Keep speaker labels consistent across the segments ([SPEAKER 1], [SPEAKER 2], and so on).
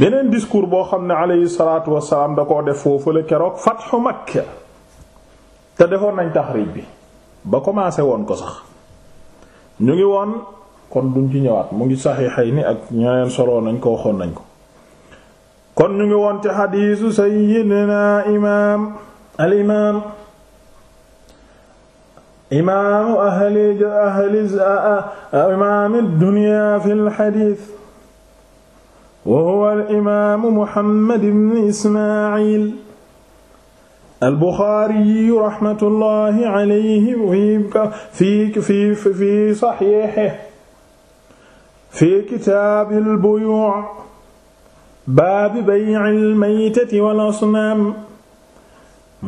[SPEAKER 1] beneen discours boo xam ne aleyhi salaatu wasalaam da koo def foofu la keroog fatxu Makka te defoon nañ taxriij bi ba commencé woon ko sax ñu ngi woon kon duñ ci ñëwaat mu ngi ni ak ñeneen solo nañ ko waxoon nañ ko kon ñu ngi woon ci xadiisu sayyidina imaam al imaam imaamu ahli ahli imaami dunya fil xadiis wa huwa al imaamu Muhammad ibn Ismaa'il al-Buxaari raxmatullahi alayhi fi fi fi saxiixihi fi kitaabil buyuu' baabi bay'il maytati wal asnaam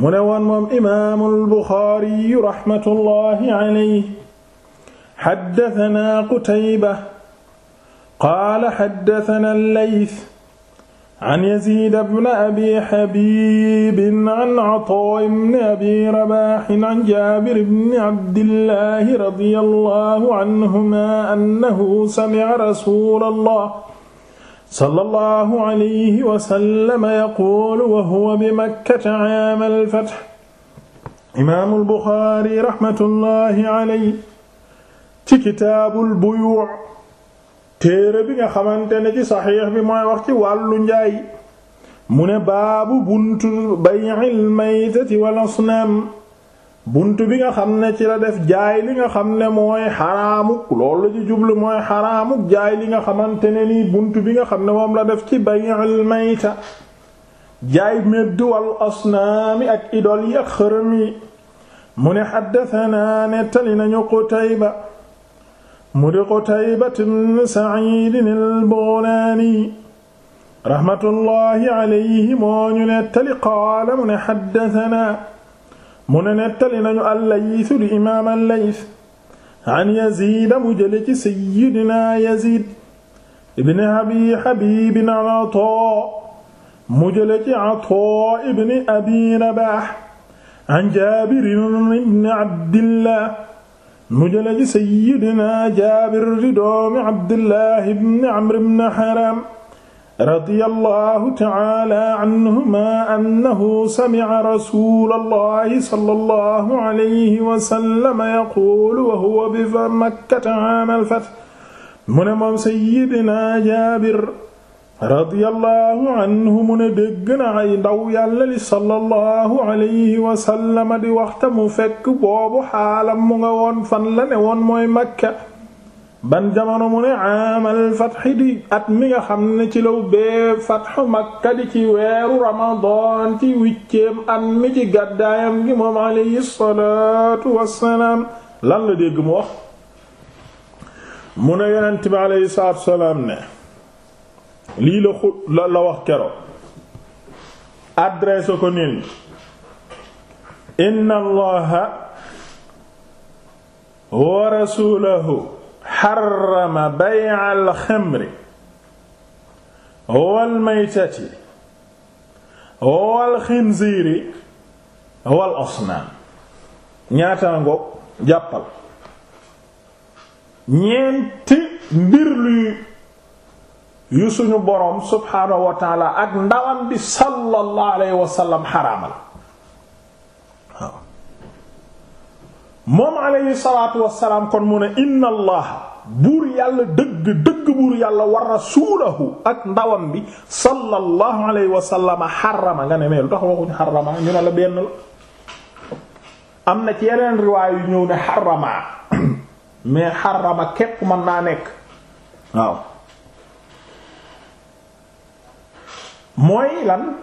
[SPEAKER 1] mu ne woon moom imaamul Buxaari raxmatullahi alayhi haddasanaa Qutayba qaala xaddatana Layth an Yaziid ibn Abi Habiib an Ataa ibn Abi Rabaah an Jaabir ibn Abdillah radiyallahu anhumaa annahu sami'a rasuulallah sallallahu alayhi wa sallam yaquulu wa huwa bi Makkata aama al-fath. Imaamul Buxaari rahmatullahi alayhi ci kitaabul buyuu' téere bi nga xamante ne ci saxiix bi mooy wax ci wàllu njaay mu ne baabu buntu bay'il maytati wal asnam buntu bi nga xam ne ci la def jaay li nga xam ne mooy xaraamuk loolu ci jublu mooy xaraamuk jaay li nga xamante ne nii bunt bi nga xam ne moom la def ci bay'il mayta jaay medd wal asnaami ak idol yi ak xërëm yi mu ne ne nettali nañu ko Qutayba mu di Qutayba ibn Sa'iid al-Baghlaani raxmatullaahi alayhi moo ñu nettali qaala mu ne xaddatanaa mu ne nettali nañu al-Layth di imaam al-Layth an Yaziid mu jële ci sayyidinaa Yaziid ibn Abi Habiib an Ataa mu jële ci Ataa ibn Abi Rabaah an Jaabir ibn Abdillah mu jële ci sayyidina jaabir di doomi abdullah ibn amr ibn haram radiyallahu ta'ala anhuma annahu sami'a rasulallahi sallallahu alayhi wa sallam yaqulu wa huwa bi makkata 'aama al-fath mu ne moom sayyidina jaabir radiyallahu anhu mu ne dégg na ay ndaw yàlla li sallallahu alayhi wa sallam di waxta mu fekk boobu xaalam mu nga woon fan la ne woon mooy Makka ban jamono mu ne amal fatxi at mi nga xam ne ci law bee fatxu Makka di ci weeru Ramadan ci huitième at mi ci gàddaayam gi moom alayhi salaatu lan la dégg mu wax mu ne yonent bi alayhi salaatu wassalaam ne lii la xu la la wax kero adresse ko nit inna allaha wa rasulahu xarama bay'a alxamri walmaytati walxinziiri wal asnaan ñaata ngoog jàppal ñeenti mbir luy yu suñu boroom subhaanahu wa ak ndawam bi sallallahu alayhi wa sallam xaraamal moom alayhi salaatu wassalaam kon mu ne inna allah buur yàlla dëgg dëgg buur yàlla wa rasuulahu ak ndawam bi sallallahu alayhi wa sallam xarama nga ne mee lu tax waxuñu xarama ñu ne la benn la am na ci yeneen riwaay yu ñëw ne xarama mais xarama képp mën naa nekk waaw mooy lan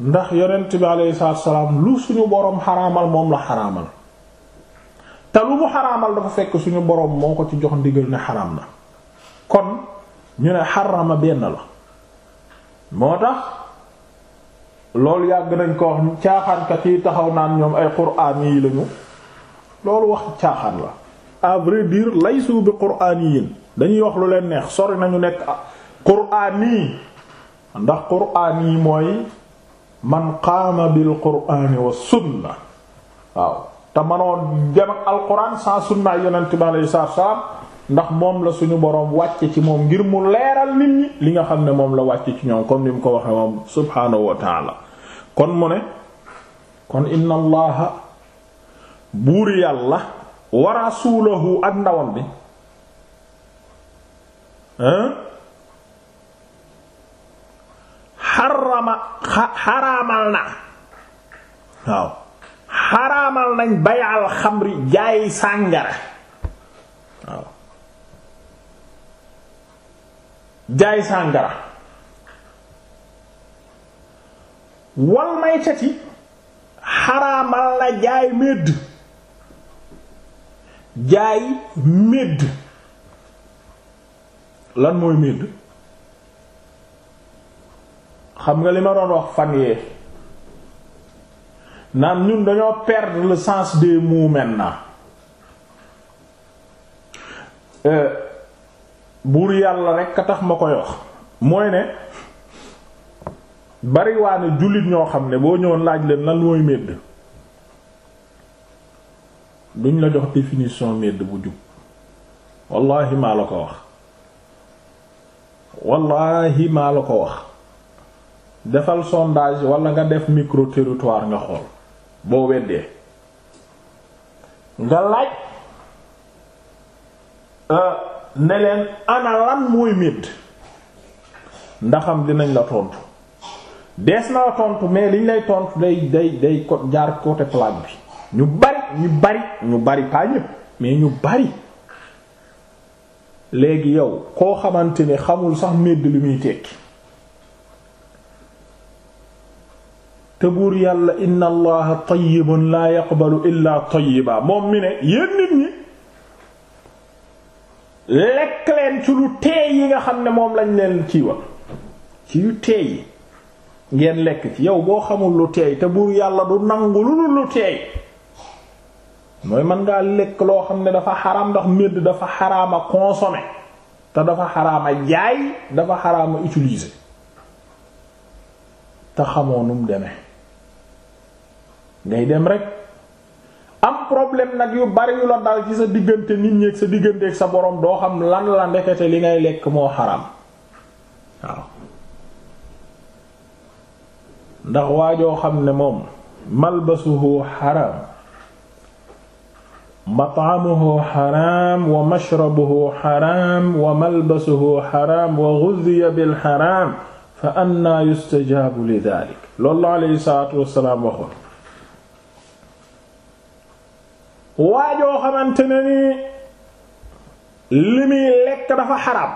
[SPEAKER 1] ndax yonent bi alayhi salaatu lu suñu boroom xaraamal moom la xaraamal te lu mu xaraamal dafa fekk suñu boroom moo ko ci jox ndigal ne xaraam na kon ñu ne xarama benn la moo tax loolu yàgg nañ ko wax caaxaankat yi taxaw naan ñoom ay quraan yi lañu loolu wax caaxaan la à vrai lay laysu bi quraan yi dañuy wax lu leen neex sori nañu nekk a quraan yi ndax quraan yi mooy man qaama bil quraan wa sunna waaw te manoon dem ak alquran sans sunna yonent bi alayhi salaatu wa salaam ndax moom la suñu boroom wàcce ci moom ngir mu leeral nit li nga xam ne moom la wàcce ci ñoom comme ni mu ko waxee moom subhaanahu wa taala kon mu ne kon inna allaha buur yàlla wa rasuulahu ak ndawam bi xarama xaraamal na waaw xaraamal nañ bayal xamri jaay sàngara waaw jaay sàngara wal maytati xaraamal na jaay medd jaay medd lan mooy medd xam nga li ma doon wax fan yee naan ñun dañoo perdre le sens des mots maintenant euh, buur yàlla rek a tax ma koy wax mooy ne bariwaane jullit ñoo xam ne boo ñëwoon laaj leen lan mooy medd duñ la jox définition medd bu jub wallahi maa la ko wax wallahi maa la ko wax defal sondage wala nga def micro territoire nga xool boo weddee nga laaj euh, ne leen ana mooy médd ndaxam dinañ la tontu dees na la tontu mais liñ lay tontu day day day ko jaar côté plaque bi ñu bari ñu bari ñu bari pas ñépp mais ñu bari léegi yow koo xamante ne xamul sax médd li muy tekki te buur yàlla inna allaha tayyibun laa yaqbalu illaa tayyiba moom mi ne yéen nit ñi lekk leen ci lu teey yi nga xam ne moom lañ leen kiiwa ci yu teey yi ngeen lekk ci yow boo xamul lu teey te buur yàlla du nangu lu lu teey mooy man ngaa lekk loo xam ne dafa xaraam ndax médd dafa xaraama consommer te dafa xaraama jaay dafa xaraama utilise te xamoo nu mu ngay dem rekk am problème nag yu bari yu la dal ci sa diggante nit ñi ak sa diggante ak sa boroom doo xam lan la ndekete li ngay lekk moo xaram ndax ndax waajoo xam ne moom malbasuhu xaram mat'amuhu xaram wa mashrabuhu xaram wa malbasuhu xaram wa ghuziya bil xaram fa anna yustajabu li dhalik la alayhi salaatu waajoo xamante ne ni li muy lekk dafa xaram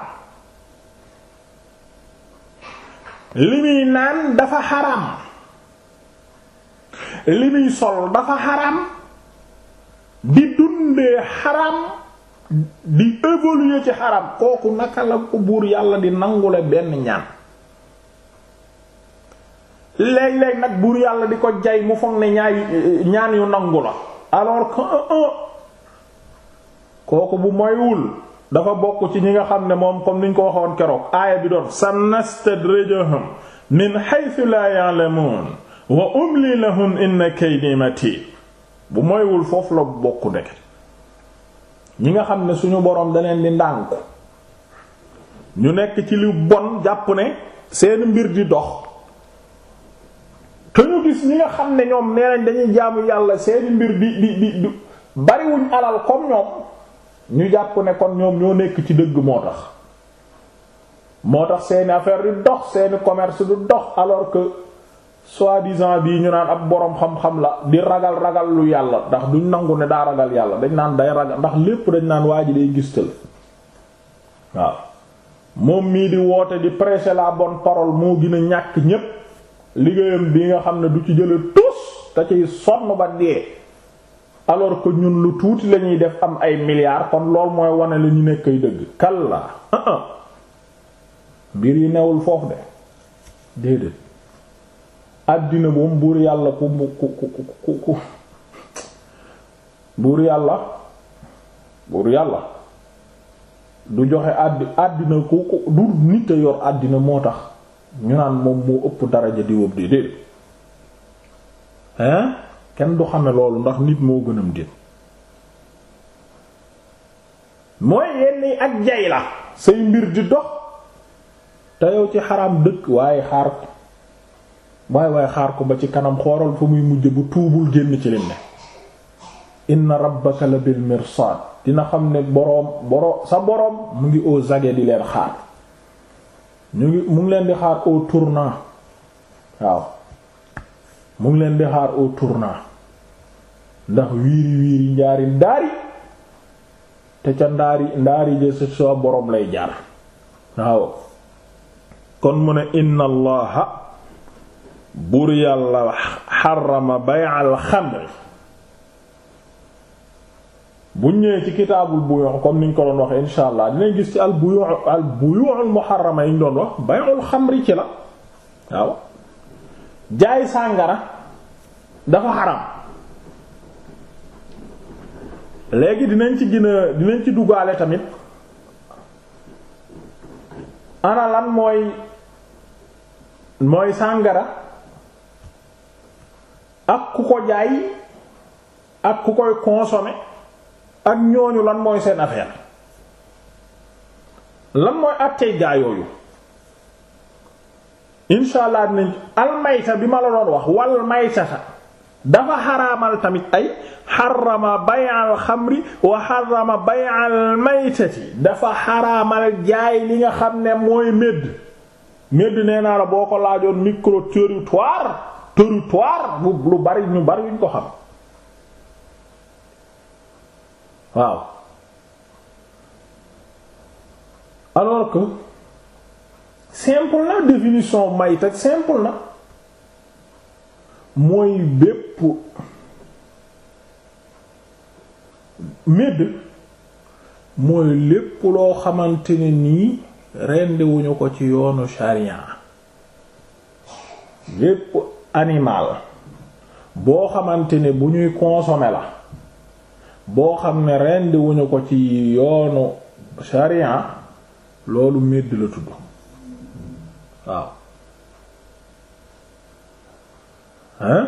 [SPEAKER 1] li muy naan dafa xaram li muy sol dafa xaraam di dundee xaraam di évoluer ci xaram kooku naka la ko buur yàlla di nangule benn ñaan léeg-léeg nag buur yàlla di ko jay mu foog ne ñaay ñaan yu nangu la alors que euh, euh, kooku bu moywul dafa bokk ci ñi nga xam ne moom comme niñ ko waxoon keroog aaya bi doon sanastadrijuhum min haythu la ya'lamun wa umli lahum inna kaydi matin bu moywul foofu la bokk ndeke ñi nga xam ne suñu boroom da leen di ndànku ñu nekk ci lu bon jàpp ne seen mbir di dox gis ñi nga xam ne ñoom nee nañ dañuy jaamu yàlla seeni mbir di di di du bariwuñ alal comme ñoom ñu jàpp ne kon ñoom ñoo nekk ci dëgg moo tax moo tax seeni affaire di dox seeni commerce du dox alors que soi-disant bii ñu naan ab boroom xam-xam la di ragal ragal lu yàlla ndax duñ nangu ne daa ragal yàlla dañ naan day ragal ndax lépp dañ naan waa ji day gistal waaw moom mii di woote di prêcher la bonne parole moo gën ñàkk ñépp liggéeyam bi nga xam ne du ci jële tus te ciy sonn ba dee alors que ñun lu tuuti la ñuy def am ay milliards kon lool mooy wane la ñu nekk ay dëgg kalla ah, ah. biir yi newul foofu de déedéet àddina boom buur yàlla ku ku ku ku ku buur yàlla buur yàlla du joxe àdd àddina ku ku du nit a yor àddina moo tax ñu naan moom moo ëpp daraja diwób di déet hein kenn du xame loolu ndax nit moo gënam déet mooy yenn ak jay la say mbir di dox te yow ci xaram dëkk waaye xaar ko waaye waaye xaar ko ba ci kanam xooral fa muy mujj bu tuubul génn ci lim ne inna rabbaka la bil mirsad dina xam ne boroom boroom sa boroom mu ngi aux aguets di leen xaar ñu mu ngi leen di xaar au tournant waaw mu ngi leen di xaar au tournant ndax wiiri wiiri njaari ndaari te ca ndaari ndaari jësu sa boroom lay jaar waaw kon mu ne inna allaha buur yàlla xarama bay'al xamr buñ ñëwee ci kitaabul buyu' comme niñ ko doon wax insha allah dinañ gis ci al buyu' al buyu'ul muharrama yi ñu doon wax bay'ul xamri ci la waaw jaay sàngara dafa xaram léegi dinañ ci gën dinañ ci duggaale tamit ana mooy mooy sàngara ak ku ko jaay ak ku koy consommer ak ñooñu lan mooy seen affaire lan mooy àttee gaa yooyu insha allah dinañ almayta bi ma la doon wax wal maytata dafa xaraamal tamit ay xarama bay'al xamri wa xarama bay'al maytati dafa xaraamal jaay li nga xam ne mooy médd médd nee naa la boo ko laajoon micro territoire territoire bu lu bari ñu bari ñu ko xam waaw alors que simple na définition may tak simple na mooy bépp médd mooy lépp loo xamante ne nii rendiwuñu ko ci yoonu sharia lépp animal boo xamante ne bu ñuy consommer la boo xam ne rendi wuñu ko ci yoonu sharia loolu medd la tudd waaw hein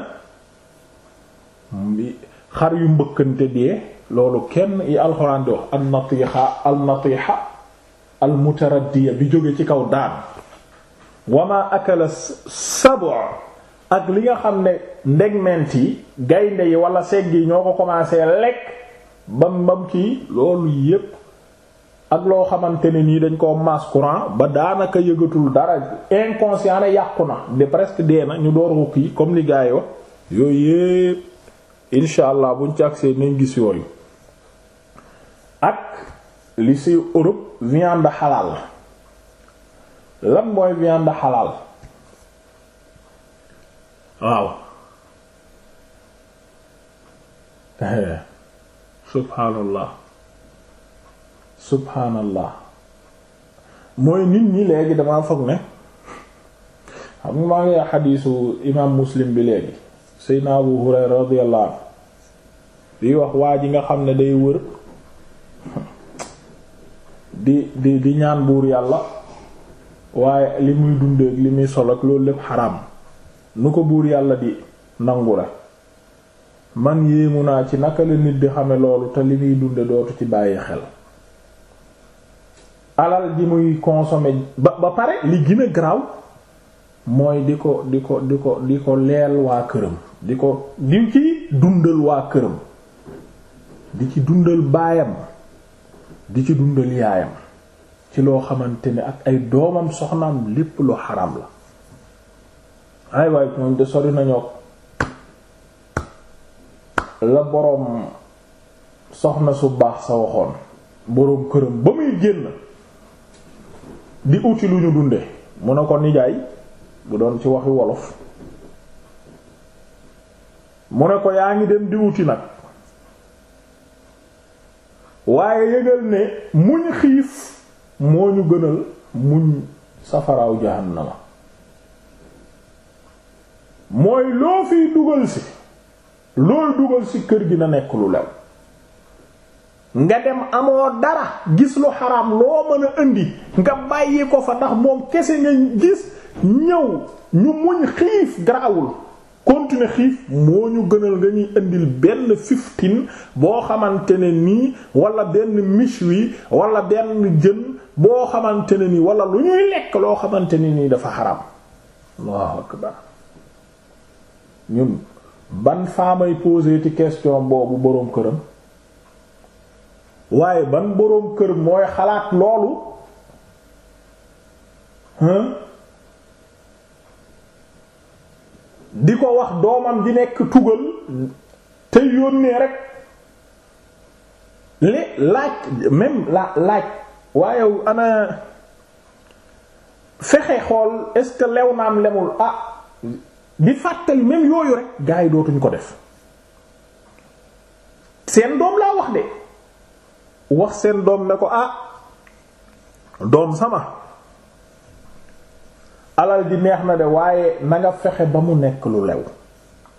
[SPEAKER 1] xar yu mbëkkante dee loolu kenn yi alxuraan di wax al natiixa al natiixa al mutaraddiya bi jóge ci kaw daan wama akala sabo ak li nga xam ne ndegment yi gaynde yi wala segg yi ñoo ko commencé lekk bam bam kii loolu yépp ak loo xamante ne nii dañ koo masse courant ba daanaka yëgatul dara inconscient ne yàqu na de presque dee na ñu door ko kii comme li gars yooyu incha allah buñ ci agsee nañ gis yooyu ak li si Europe viande xalaal lan mooy viande xalaal waaw. subhaanallah subhaanallah mooy nit ñi léegi damaa foog ne xam nga maa ngi xadiisu imaam muslim bi léegi seydna abu hurayra radiyallahu anhu bi wax waa ji nga xam ne day wër di di ñaan buur yàlla waaye li muy dund li muy sol ak loolu lépp xaraam nu ko buur yàlla di nangu la man yéemu naa ci naka la nit di xame loolu te li muy dunde dootu ci bàyyi xel alal ji muy consommer ba ba pare li gën a mooy di ko di ko di ko di ko leel waa këram di ko di ci dundal waa këram di ci dundal baayam di ci dundal yaayam ci loo xamante ni ak ay doomam soxnaam lépp lu xaram la ay waay moom de sori nañoo la boroom soxna su baax sa waxoon boroom këram ba muy génn di uti lu ñu dunde mu ne ko nijaay bu doon ci waxi wolof mu ne ko yaa ngi dem di uti nag waaye yëgal ne muñ xiif moo ñu gënal muñ safaraaw jahannama mooy loo fiy dugal si looy dugal ci kër gi na nekk lu lew nga dem amoo dara gis lu xaraam loo mën a indi nga bàyyi ko fa ndax moom kese nga gis ñëw ñu muñ xiif garaawul continuer xiif moo ñu gënal nga ñuy indil benn fifteen boo xamante nii wala benn méchoui wala benn jën boo xamante ne nii wala lu ñuy lekk loo xamante ne nii dafa xaram allahu akbar ñun ban faamay posé ci question boobu boroom këram waaye ban boroom kër mooy xalaat loolu hein di ko wax doomam di nekk tugal te yónnee rek li laaj même la laaj waaye ana fexe xool est-ce que lew naam lemul ah di fàttali même yooyu rek gars yi dootuñ ko def seen doom laa wax de wax seen doom ne ko ah doom sama alal ji neex na de waaye na fexe ba mu nekk lu lew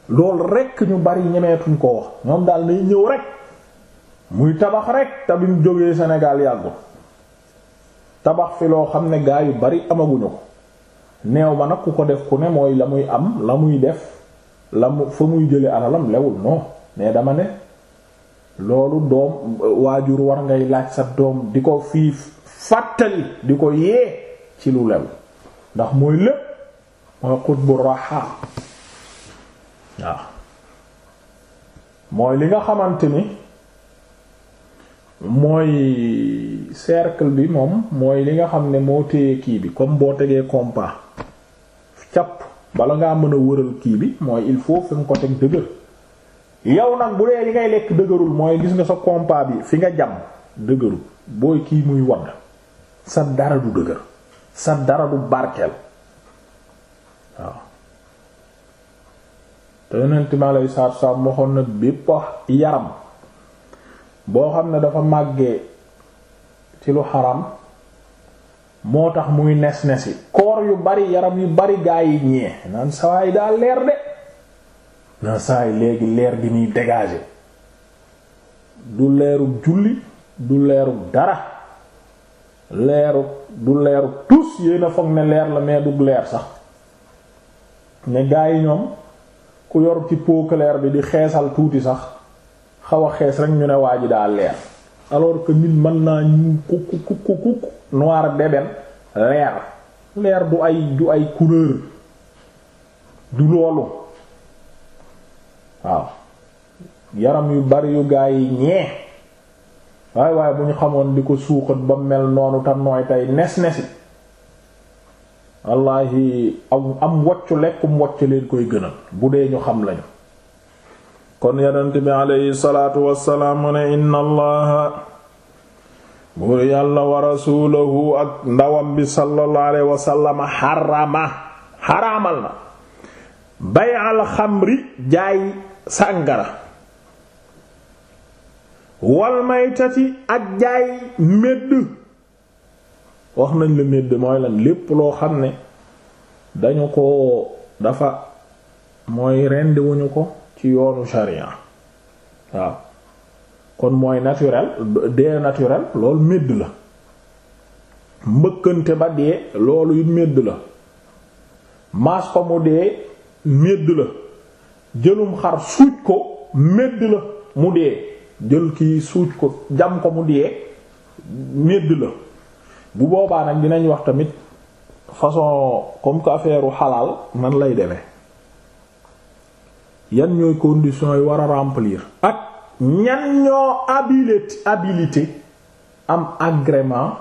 [SPEAKER 1] loolu rekk ñu bari ñemeetuñ koo wax ñoom daal nay ñëw rekk muy tabax rek te bi mu jógee Sénégal yàggu tabax fi loo xam ne gaa yu bari amaguñu ko neew ma nag ku ko def ku ne mooy la muy am la muy def la mu fa muy jële alalam lewul non mais dama ne loolu doom waajur war ngay laaj sa doom di ko fii fàttali di ko yee ci lu lew ndax mooy lépp mooy xutbu raxa waaw mooy li nga xamante ni mooy cercle bi moom mooy li nga xam ne moo téye kii bi comme boo tegee compas capp bala ngaa mën a wëral kii bi mooy il faut fi nga ko teg dëgër yow nag bu dee li ngay lekk dëgërul mooy gis nga sa compas bi fi nga jam dëgërul booy kii muy wadd sa dara du dëgër sa dara du barkeel waaw te yonent mi alayhi salaatu wassalaam waxoon na bépp yaram boo xam ne dafa màggee ci lu xaram moo tax muy nes nesi koor yu bari yaram yu bari gaa yi ñee naan sawaay daa leer de naan sawaay léegi leer gi muy dégager du leerub julli du leerub dara leerub du leerub tus yéen foog ne leer la mais du leer sax ne gaa yi ñoom ku yor ci pot bi di xeesal tuuti sax xaw xees rek ñu ne waa ji daa leer alors que mën naa ñu kuk kuk noir deben leer leer du ay du ay couleur du loolu waaw yaram yu bari yu gaa yi ñee waaye waaye bu ñu xamoon di ko suuxat ba mel noonu tam nooy tey nes nesi wallaahi am am woccu lekkum woccu leen koy gënal bu dee ñu xam lañu kon yonent bi aleyhi salaatu wassalaam ne inna allaha buur yàlla wa rasuulahu ak ndawam bi sallallahu alayhi wasallam xarama xaraamal na bay al jaay sàngara wal maytati ak jaay médd wax nañ la médd mooy lan lépp loo xam ne dañu ko dafa mooy rendi ko ci yoonu sharia waaw kon mooy naturel dee naturel loolu médd la mbëkkante ba dee loolu médd la maas ko mu dee médd la jëlum xar suuj ko médd la mu dee jël ki suuj ko jam ko mu dee médd la bu boobaa nag dinañ wax tamit façon comme que affaire xalaal nan lay demee yan ñooy conditions yi war a remplir ak ñan ñoo habilité habilité am agrément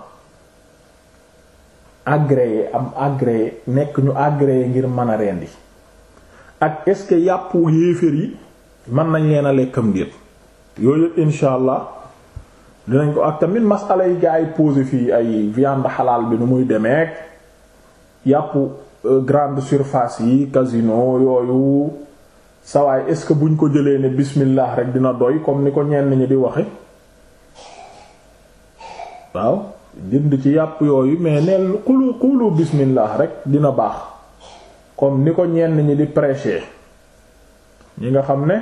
[SPEAKER 1] agréé am agréé nekk ñu agréé ngir mën a rendi ak est-ce que yàppu yéefér yi mën nañ leen a lekkam ngir yooyu yëpp insha allah dinañ ko ak tamit masala yi gaa yi posé fii ay viande xalaal bi nu muy demeek yàppu euh, grande surface yi casino yooyu sawaay est-ce que buñ ko jëlee ne bismillah rek dina doy comme ni ko ñenn ñi di waxe waaw jënd ci yàpp yooyu mais neen xulu xulu bismillah rek dina baax comme ni ko ñenn ñi di prêcher ñi nga xam ne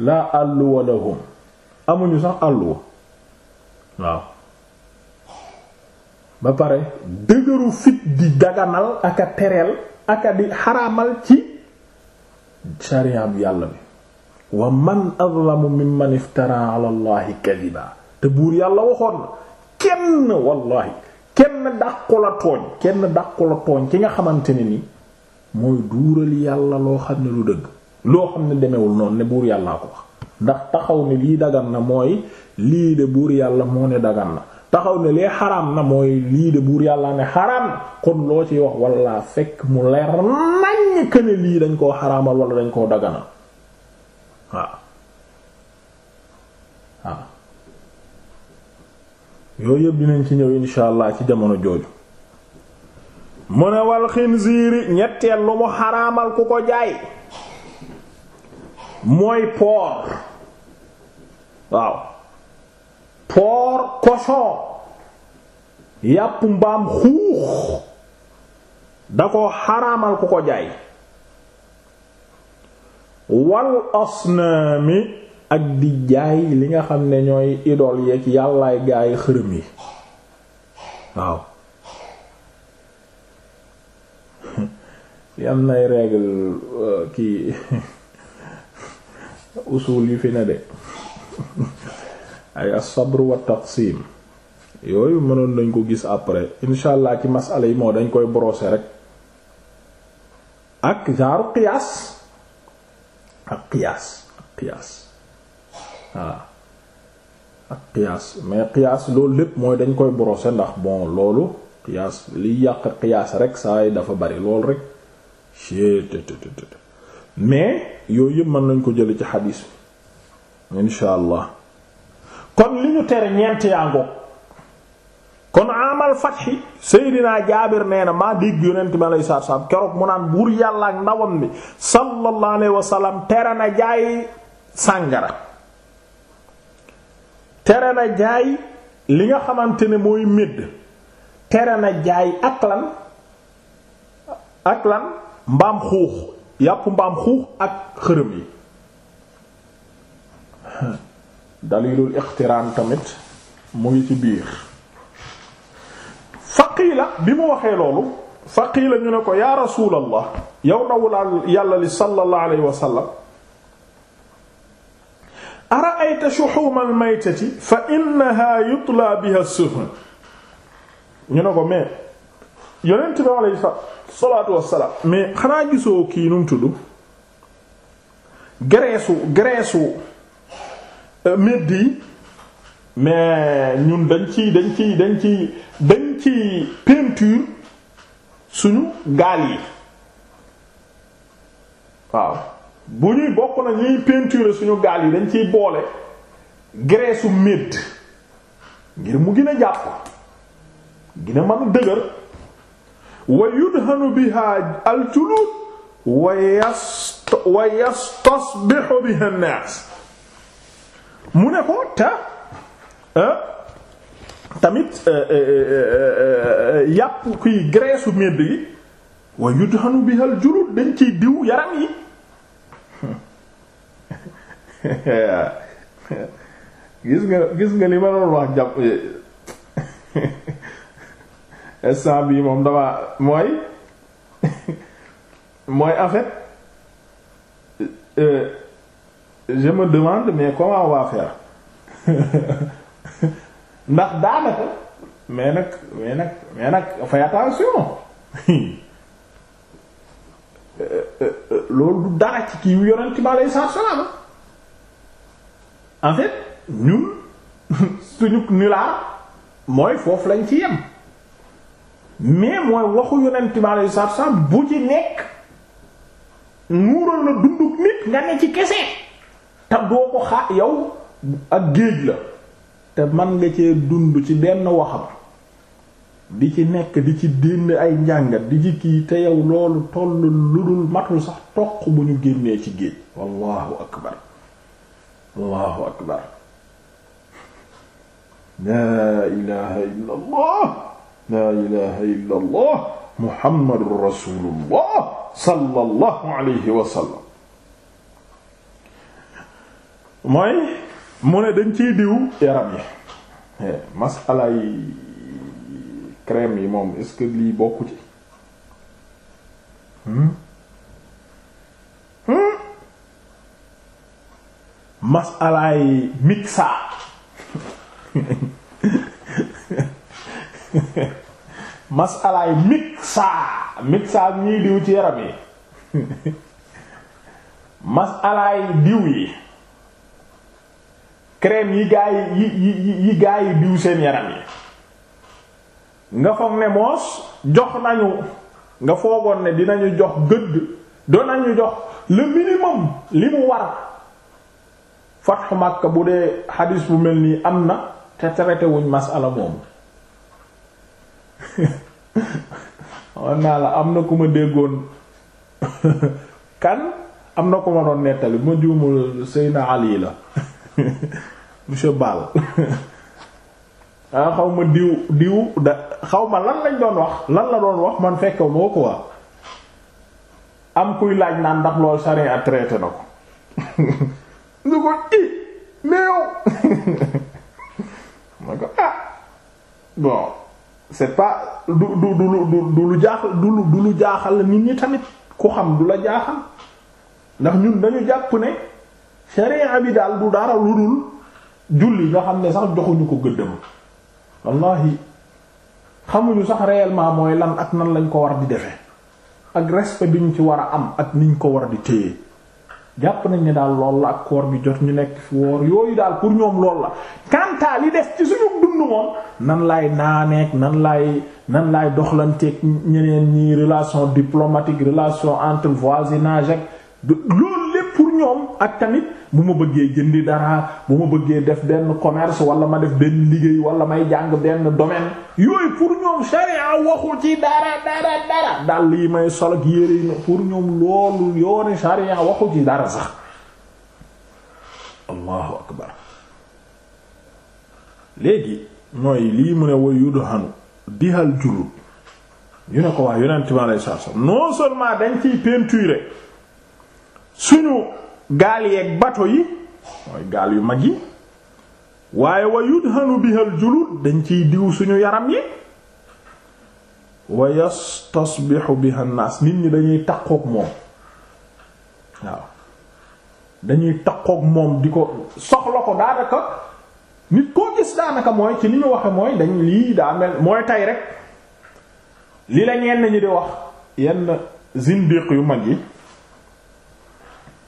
[SPEAKER 1] laa àlluwa lahum amuñu sax àlluwa waaw ba pare dëgëru fit di daganal aka tereel aka di xaraamal ci sharia bu yàlla bi wa man azlamu mimman iftara ala allahi kadiba te buur yàlla waxoon na kenn wallahi kenn dàqu tooñ kenn dàqu tooñ ki nga xamante ne ni mooy duural yàlla loo xam ne lu dëgg loo xam ne demewul noonu ne buur yàllaa ko wax ndax taxaw ni lii dagan na mooy lii de buur yàlla moo ne dagan na taxaw ne lee xaraam na mooy lii de buur yàlla ne xaraam kon loo ciy wax wala fekk mu leer naññ lii dañ koo xaraamal wala dañ koo daganal waaw waaw yooyu yëpp dinañ ci ñëw insha allah ci jamono jooju mu ne wal xinziiri ñetteel lu mu xaraamal ku ko jaay mooy poor waaw porc cochon yàpp mbaam xuux da ko xaraamal ku ko jaay wal asnaami ak di jaay li nga xam ne ñooy idol yeeg yàllaay gaay xërëm yi waaw yi am nay règle euh, kii usul yu fi ne de ay as-sabr wa yooyu mënoon nañ ko gis après incha allah ci masala yi moo dañ koy brosser rek ak genre qiyaas ak qiyaas ak qiyaas voilà ak qiyaas mais qiyaas loolu lépp mooy dañ koy brosser ndax bon loolu qiyaas liy yàq qiyaas rek saa yi dafa bari loolu rek mais yooyu yëpp mën nañ ko jële ci xadiis bi incha allah kon li ñu tere ñeent yaa ngoog kon amal fatxi Seydina Jaabir nee na maa dégg yonent bi alayhi salaatu salaam keroog mu naan buur yàlla ak mi bi sallallahu wa sallam tere na jaay sàngara tere na jaay li nga xamante ni mooy médd tere na jaay ak lan ak lan mbaam xuux yàpp mbaam xuux ak xërëm yi dalilul iqtiraan tamit mu ngi ci biir faqiila bi mu waxee loolu faqiila ñu ne ko yaa rasuulallah yow dawul yàlla li sallallahu alayhi wa sallam ara'ayta shuhum al-maytati fa innaha yutla biha as-sufun ñu ne ko mais yonent bi alayhi salaatu wassalaam mais xanaa gisoo kii nu mu tudd graisse graisse Euh, medd yi mais ñun dañ ci dañ ci dañ ci dañ ci peinture suñu gaal yi waaw bu ñuy bokk na ñuy peinture suñu gaal yi dañ ciy boole graisse medd ngir mu gën a jàpp gën a mën dëgër wa yudhanu biha al julud wa yastasbihu biha an-nas mu ne ko te euh, tamit euh, euh, yàpp kuy graisse medd yi wa yudhanu biha al julud dañ ciy diw yaram yi gis nga gis nga li ma doon wax jàpp instant bii moom dama mooy mooy en je me demande mais comment on va ndax daanaka mais nag mais nag mais nag fais attention euh, euh, euh, loolu du dara ci kii yonent bi aleyhi salaatu en fait ñun suñu nulaa mooy foofu lañ ci yem mais mooy waxu yonent bi aleyhi salaatu bu ci nekk nuural na dunduk nit nga ne ci kese. te doo ko xaa yow ak géej la te man nga cee dund ci benn waxam di ci nekk di ci dénn ay njàngat di ci kii te yow loolu toll lu dul matul sax toq bu ñu génnee ci géej wallahu akbar allahu akbar laa ilaha illa allah laa rasulullah sallallahu alayhi wa mooy mu ne dañ ciy diw yaram yi eh, masala yi crème yi moom est-ce lii bokku ci hmm? Hmm? masala yi mixa masala yi mixa mixa diw ci yaram yi masala yi diw yi crème yi gaa yi yi yi gaa yi diw seen yaram yi nga foog ne moos jox nañu nga foogoon ne dinañu jox gëdd doon nañu jox le minimum li mu war fatxu Makka bu dee xadiis bu mel nii am na te traité wuñ masala moomu wan naa la am na ku ma déggoon kan am na ku ma doon nettali ma juumul Seyna Ali la monsieur Ball ah xaw ma diw diw da xaw ma lan lañ doon wax lan la doon wax man fekk moo ko waa am kuy laaj naan ndax loolu charia traité na ko nga ko i mais yow ko ah bon c'est pas du du du du du lu jaaxal du du lu jaaxal nit ñi tamit ku xam du la jaaxal ndax ñun dañu jàpp ne charia bi daal du dara lu dul julli nga xam ne sax joxuñu ko gëddëm wallahi xamuñu sax réellement mooy lan ak nan lañ ko war di defee ak respect bi ñu ci war a am ak niñ ko war di téye jàpp nañ ne daal lool la ak koor bi jot ñu nekk fi woor yooyu daal pour ñoom lool la kantaa li des ci suñu dund moom nan laay naaneek nan laay nan laay doxlanteeg ñeneen ñi relation diplomatique relation entre voisinage ak loolu pour ñoom ak tamit bu ma bëggee jëndi dara bu ma bëggee def benn commerce wala ma def benn liggéey wala may jàng benn domaine yooyu pour ñoom sharia waxu ci dara dara dara dal yi may sol ak yére yi pour ñoom dara sax allahu akbar léegi mooy lii mu ne woy yudu xanu dihal julub ñu ne ko waa yonent bi alayhi salaam non seulement dañ ciy peinturer suñu gaal yeeg bato yi mooy gaal yu mag yi waaye wa bi bihal julud dañ ciy diw suñu yaram yi wa yastasbihu biha naas nit ñi dañuy takkook moom waaw dañuy takkook moom di ko soxla ko daanaka nit koo gis daanaka mooy ci li ñu waxe mooy dañ lii daa mel mooy tay rek li la ñenn ñi di wax yenn zindiq yu mag yi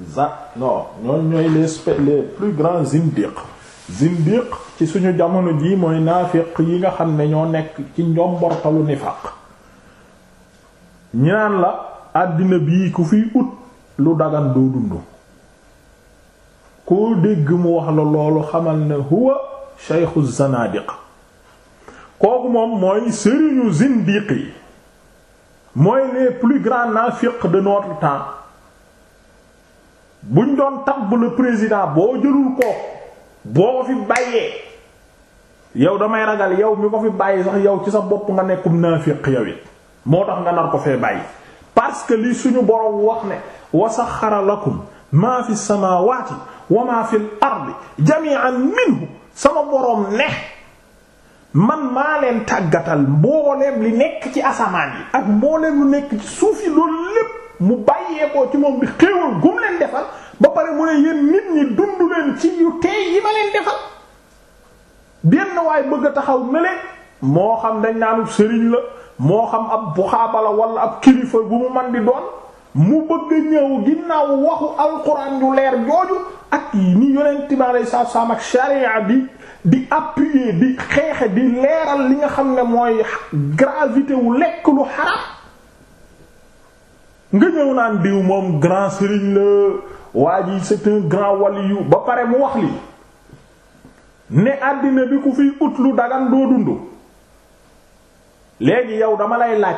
[SPEAKER 1] za non ñooy les les plus grands ci suñu jamono ji mooy naafiq yi nga xam ne ñoo nekk ci njombortalu nifaq ñaan la àddina bii ku fiy ut lu dagan doo dund koo dégg mu wax la loolu xamal ne huwa shaykhu zanadiq kooku moom mooy sëriñu zindiq yi mooy les plus grands naafiq de notre temps buñ doon tabb le président boo jëlul ko boo ko fi bàyyee yow damay ragal yow mi ko fi bàyyi sax yow ci sa bopp nga nekkum naafiq yow it moo tax nga nar ko fee bàyyi parce que li suñu borom wax ne wa saxara lakum maa fi samawati wa maa fi l ardi jami'an minhu sama borom ne man maa leen tàggatal mbooleem li nekk ci asamaan yi ak mbooleem lu nekk ci suuf yi loolu lépp mu bàyyeekoo ci moom di xéewal gum leen defal ba pare mu ne yéen nit ñi dund leen ci yu teey yi ma leen defal benn waay bëgg a taxaw nele moo xam dañ naanub sëriñ la moo xam ab buxaaba la wala ab kilifa bu mu man di doon mu bëgg a ñëw ginnaaw waxu alxuraan yu leer jooju ak ni yonent bi alayhi salaatu salaam ak sharia bi di appuyer di xeexe di leeral li nga xam ne mooy gravité wu lekk lu xaraam nga ñëw naan diw moom grand sëriñ la waa ji c'est un grand waliyu ba pare mu wax lii ne àddina bi ku fiy ut lu dagan doo dund léegi yow dama lay laaj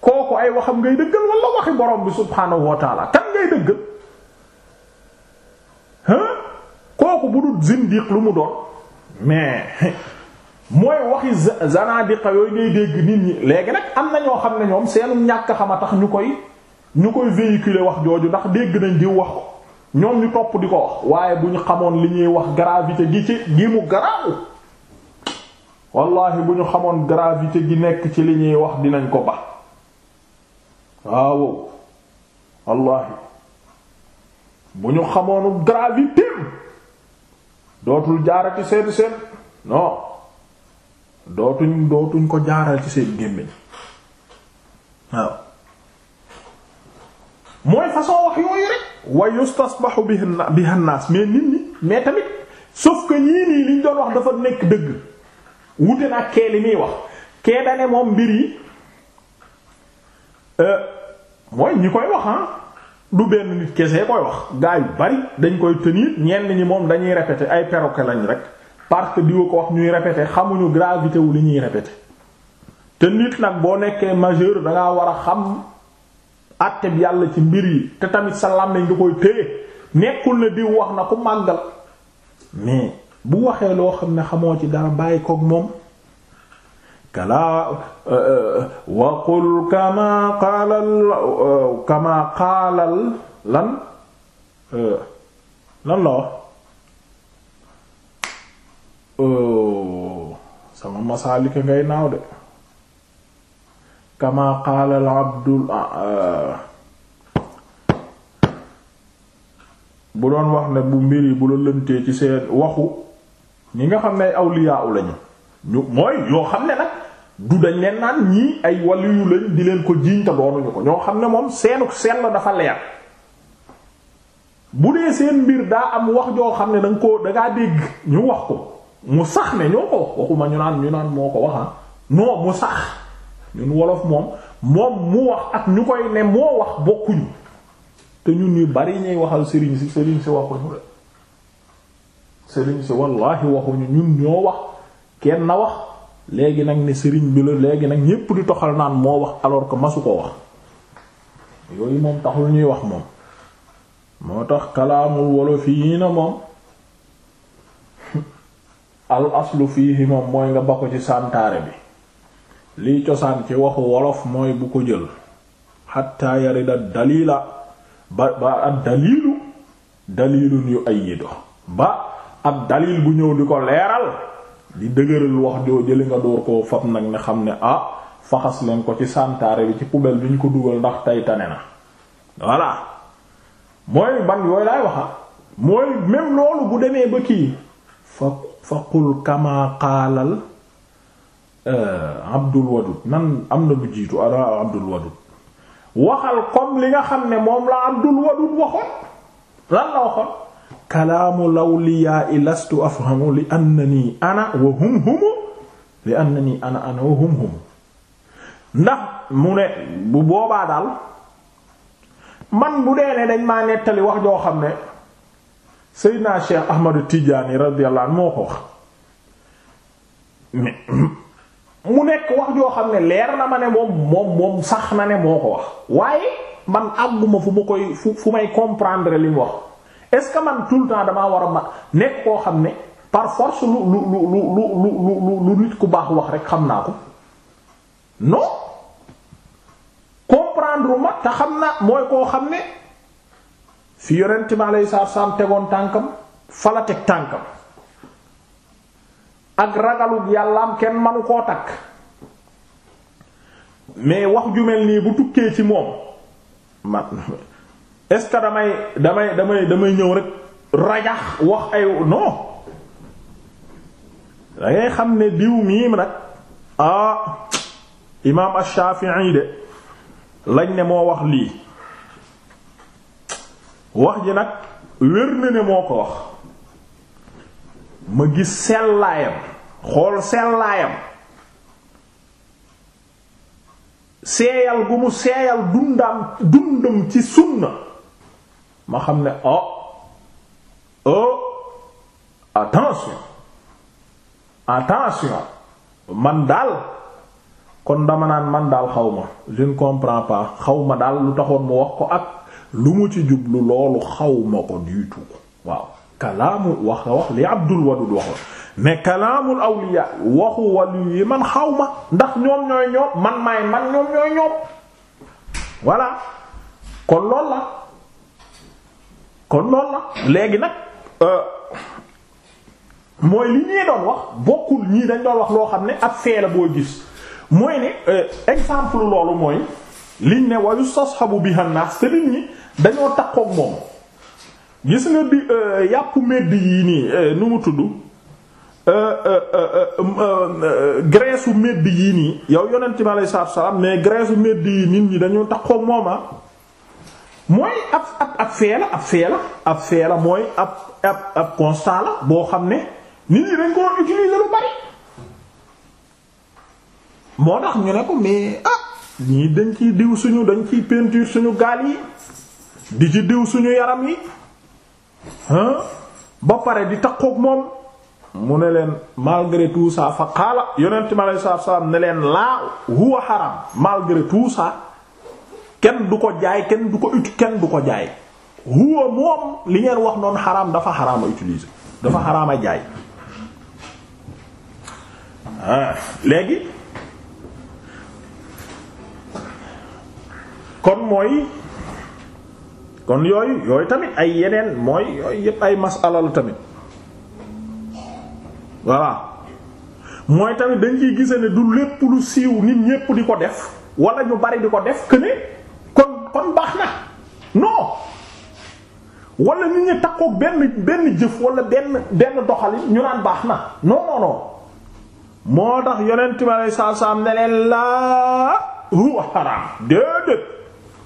[SPEAKER 1] kooku ay waxam ngay dëggal wala waxi borom bi subhaanahu wa taala kan ngay dëggal hein kooku bu dul zindiq lu mu doon mais mooy waxi zanadiqa yooyu ngay dégg nit ñi léegi nag am na ñoo xam ne ñoom seenu ñàkk xam a tax ñu koy ñu koy véhiculer wax jooju ndax dégg nañ di wax ñoom ñu topp di ko wax waaye bu ñu xamoon li ñuy wax gravité gi ci gi mu garaaw bu ñu xamoon gravité gi nekk ci li ñuy wax dinañ ko ba waaw wallahi bu ñu xamoonu gravité dootul jaarati seen seen non dootuñ dootuñ ko jaaral ci seen gémmiñ waaw mooy façon wax yooyu rek wa yustasbahu biha an-nas mais nit ñi mais tamit sauf que ñii nii liñ doon wax dafa nekk dëgg wute nag kee li muy wax kee dane moom mbir yi euh, mooy ñi koy wax ah du benn nit kese koy wax gaa yu bari dañ koy tenir ñenn ñi moom dañuy répéter ay perroquet lañ rek parce que diw ko wax ñuy répéter xamuñu gravité wu li ñuy répéter te nit nag boo nekkee majeur da ngaa war a xam àtte bi yàlla ci mbir yi te tamit sa làmmiñ nga koy téye nekkul na diw wax na ku màggal mais bu waxee loo xam ne xamoo ci dara bàyyi kook moom kala euh, euh, waqul kamaa qaalal euh, kama qaalal lan lan la Oh, sama masaalika ngay naaw de kama abdul eh, bu doon wax ne bu mbir yi bu la lëntee ci seen waxu ñi nga xam ne ay awliyaaw lañu ñu mooy yoo xam ne nag du dañ leen naan ñii ay waliyu lañ di leen ko jiiñ te doonuñu ko ñoo xam ne moom seenuk seen la dafa leer bu dee seen mbir daa am wax joo xam ne danga ko dangaa dégg ñu wax ko mu sax ne ñoo ko waxuma ñu naan ñu naan moo ko waxa ah. non mu sax ñun wolof moom moom mu wax ak ñu koy ne moo wax bokkuñu te ñun ñu bari ñuy waxal sëriñ si sëriñ si waxuñu la sëriñ si wallaahi waxuñu ñun ñoo wax kenn na wax léegi nag ni sëriñ bi la léegi nag ñépp di toxal naan moo wax alors que masu ko wax yooyu moom taxul ñuy wax moom moo tax kalaamul wolof yi na moom al aslu fiihi moom mooy nga ba ko ci santaare bi liy cosaan ci waxu wolof mooy bu ko jël xatta yarida dalila ba ba ab dalilu dalilun yu ayyido ba ab dalil bu ñëw di ko leeral di dëgëral wax joo jëli nga door koo fab nag ne xam ne a ah, faxas leen ko ci santaare bi ci poubelle bi ñu ko dugal ndax tey tane na voilà mooy ban yooyu laay waxa mooy même loolu bu demee ba kii fa qul kama qaalal eh, Abdul Wadud nan am na bu jiitu ala Abdul Wadud waxal comme li nga xam ne moom la Abdul Wadud waxoon lan la waxoon kalaamu lawliyaa lastu afhamu li ana wa hum humu ndax mu ne bu boobaa daal man bu dee ne dañ maa nettali wax joo xam ne Seydina Cheikh Ahmadu Tidiane radiyallahu anhu moo ko wax mu nekk wax joo xam ne leer na ma ne moom moom moom sax na ne moo ko wax waaye man àgguma fu ma koy fu may comprendre li mu wax est-ce que man tout le temps damaa war a ma nekk koo xam ne par force lu lu lu lu lu lu nit ku baax wax rek xam naa ko non comprendre ma te xam na mooy koo xam ne. fi yonent bi alayhi salaatu salaam tegoon tànkam fala teg tànkam ak ragalug yàllaam kenn manu koo takk mais wax ju mel nii bu tukkee ci moom man est damay damay damay ñëw rek rajax wax ay non da xam ne diw miim nag ah imaam ash de lañ ne moo wax lii wax ji nag wér na ne moo ko wax ma gis sellaayam xool sellaayam seeyal gu mu seeyal dundam dundam ci sunna ma xam ne o oh, oh attention attention man daal kon dama naan man daal xaw ma je ne comprends xaw ma daal lu taxoon mu wax ko ak lu mu ci jublu loolu xaw ma ko du waaw kalaamu wax nga wax li Abdul Wadud waxoon mais kalaamul awliya waxu wàllu yi man xaw ma ndax ñoom ñooy ñoom man maay man ñoom ñooy ñoom voilà kon lool la kon lool la léegi nag euh, mooy li ñuy doon wax bokkul ñii dañ doon wax loo xam ne ab feela boo gis mooy ne euh, exemple loolu mooy liñ ne wa yustashabu biha an-nas te nit ñi dañoo takkook moom gis nga bi euh, yàppu medd yii nii euh, nu mu tudd euh, graisse u medd yii nii yow yonent bi alayhi salaatu salaam mais graisse u medd yii nit ñi dañoo takkook moom ah mooy ab ab ab feela ab feela ab feela mooy ab ab ab constat la boo xam ne nit ñi dañ koo utiliser lu bari moo tax ñu ne ko mais ah ñii dañ ciy diw suñu dañ ciy peinture suñu gaal yi di ci diw suñu yaram yi ba pare di takkook moom mu ne leen malgré tout ça fa xaala yonent mi alayhi salaatu ne leen laa huwa haram malgré tout ça kenn du ko jaay kenn du ko du ko jaay huwa moom li ngeen wax noonu xaram dafa haram a utiliser dafa haram a jaay ah, léegi kon mooy kon yooyu yooyu tamit ay yeneen mooy yooyu ay masala la tamit voilà mooy tamit dañ ciy gise ne du lépp lu siiw nit ñépp di ko def wala ñu bari di ko def que kon kon baax na non wala nit ñi takkook benn benn jëf wala benn benn doxalin ñu naan baax na non non non moo tax yonent mi alei saatu salaam ne leen laa huwa haram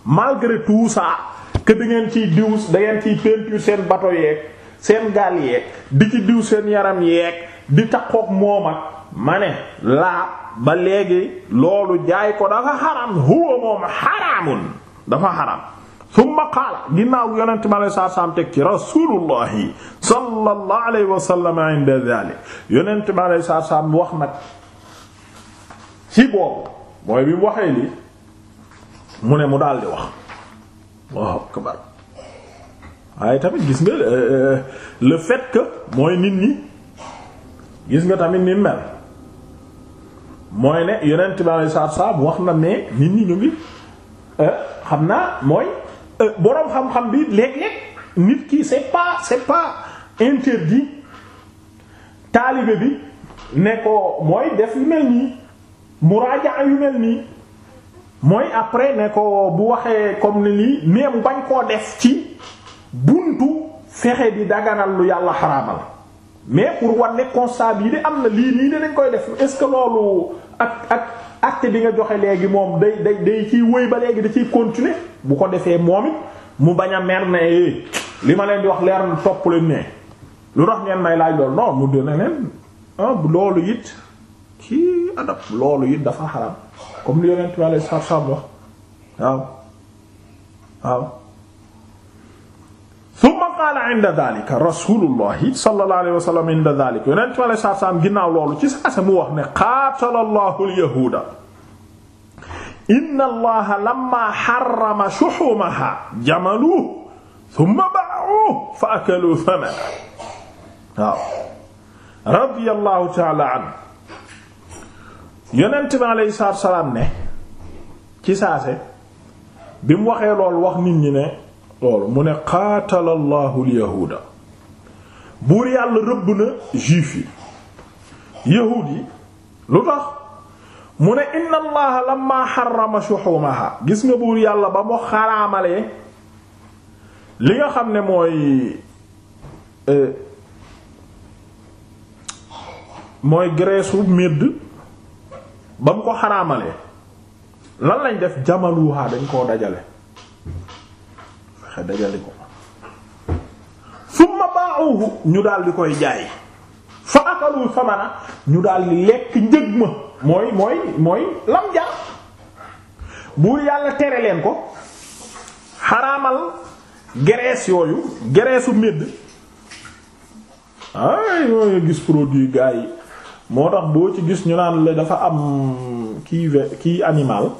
[SPEAKER 1] malgré tout ça que da ngeen ciy diw dangeen ngeen ciy peinture seen bato yeeg seen gaal yeeg di ci diw seen yaram yeeg di takkook moom ak mane laa ba léegi loolu jaay ko dafa xaram huwa moom xaraamun dafa xaram summa ginnaaw yonente mi alei satu salaam teg ci rasulullahi sallallahu alayhi wa sallam inda zalik yonente mi alei satu wax nag ci boobu mooy bi mu waxee li mu ne mu daldi wax waaw akbar waaye tamit gis nga euh, euh, le fait que mooy nit ñi gis nga tamit ni mel mooy ne yeneen tubaab yi saab wax na ne nit ñi ñu ngi euh, xam naa mooy boroom xam-xam bi léeg-léeg nit ki c'est pas c'est pas interdit taalibe bi ne ko mooy def yu mel nii muraaja yu mel nii. mooy après ne ko bu waxee comme ni lii mais mu bañ koo def ci buntu fexe di daganal lu yàlla xaraamal mais pour wane constat bi de am na lii nii dinañ koy def est-ce que loolu ak ak acte bi nga joxe léegi moom day day day ciy wéy ba léegi da ciy continuer bu ko defee moom it mu bañ a mer ne eh, li ma leen di wax leer na topp leen ne lu tax ngeen may laaj loolu non mu ah, loolu it kii adab loolu it dafa xaraam. comme li yonent bi alayhi salaatu salaam wax waaw waaw summa qaala inda daalika rasuulullahi sallallahu alayhi wa sallam inda daalika yonent bi alayhi salaatu salaam ginnaaw loolu ci saasa mu wax ne qaatala allahu alyahuuda inna allaha lamma harrama shuhumaha jamaluhu thumma ba'uhu fa akalu thamanahu waaw radiyallahu ta'ala anhu yonent bi aleyhi salaam ne ci saase bi mu waxee lool wax nit ñi ne loolu mu ne qaatalallahu alyahuuda buur yàlla rëbb na juif yi yahuud yi lu tax mu ne inna allaha lamma xarama shuhumaha gis nga buur yàlla ba mu xaraamalee li nga xam ne mooy euh, mooy graisse u medd ba mu ko xaraamalee lan lañ def jamaluha dañ koo dajale fexe dajale ko summa ba'uhu ñu daal koy jaay fa akalu samana ñu daal di lekk njëg ma mooy mooy mooy lam jaar buur yàlla tere leen ko xaraamal graisse yooyu graisse u médd ay yooyu gis produit gaa yi moo tax boo ci gis ñu naan la dafa am kii ve kii animal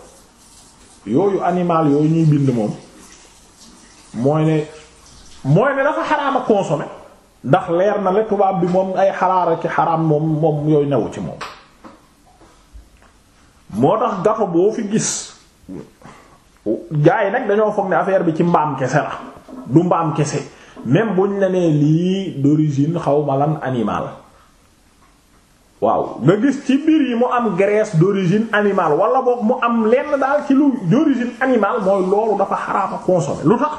[SPEAKER 1] yooyu animal yooyu ñuy bind moom mooy ne mooy ne dafa xaraam a consommer ndax leer na la tubaab bi moom ay xalaara ci xaraam moom moom yooyu newu ci moom moo tax gafa boo fi gis jaay nag dañoo foog ne affaire bi ci mbaam kese la du mbaam kese même buñ la nee lii d'origine xaw ma lan waaw nga gis ci mbir yi mu am graisse d'origine animale wala boo mu am lenn daal ci lu d'origine animale mooy loolu dafa xaraama consommer lu tax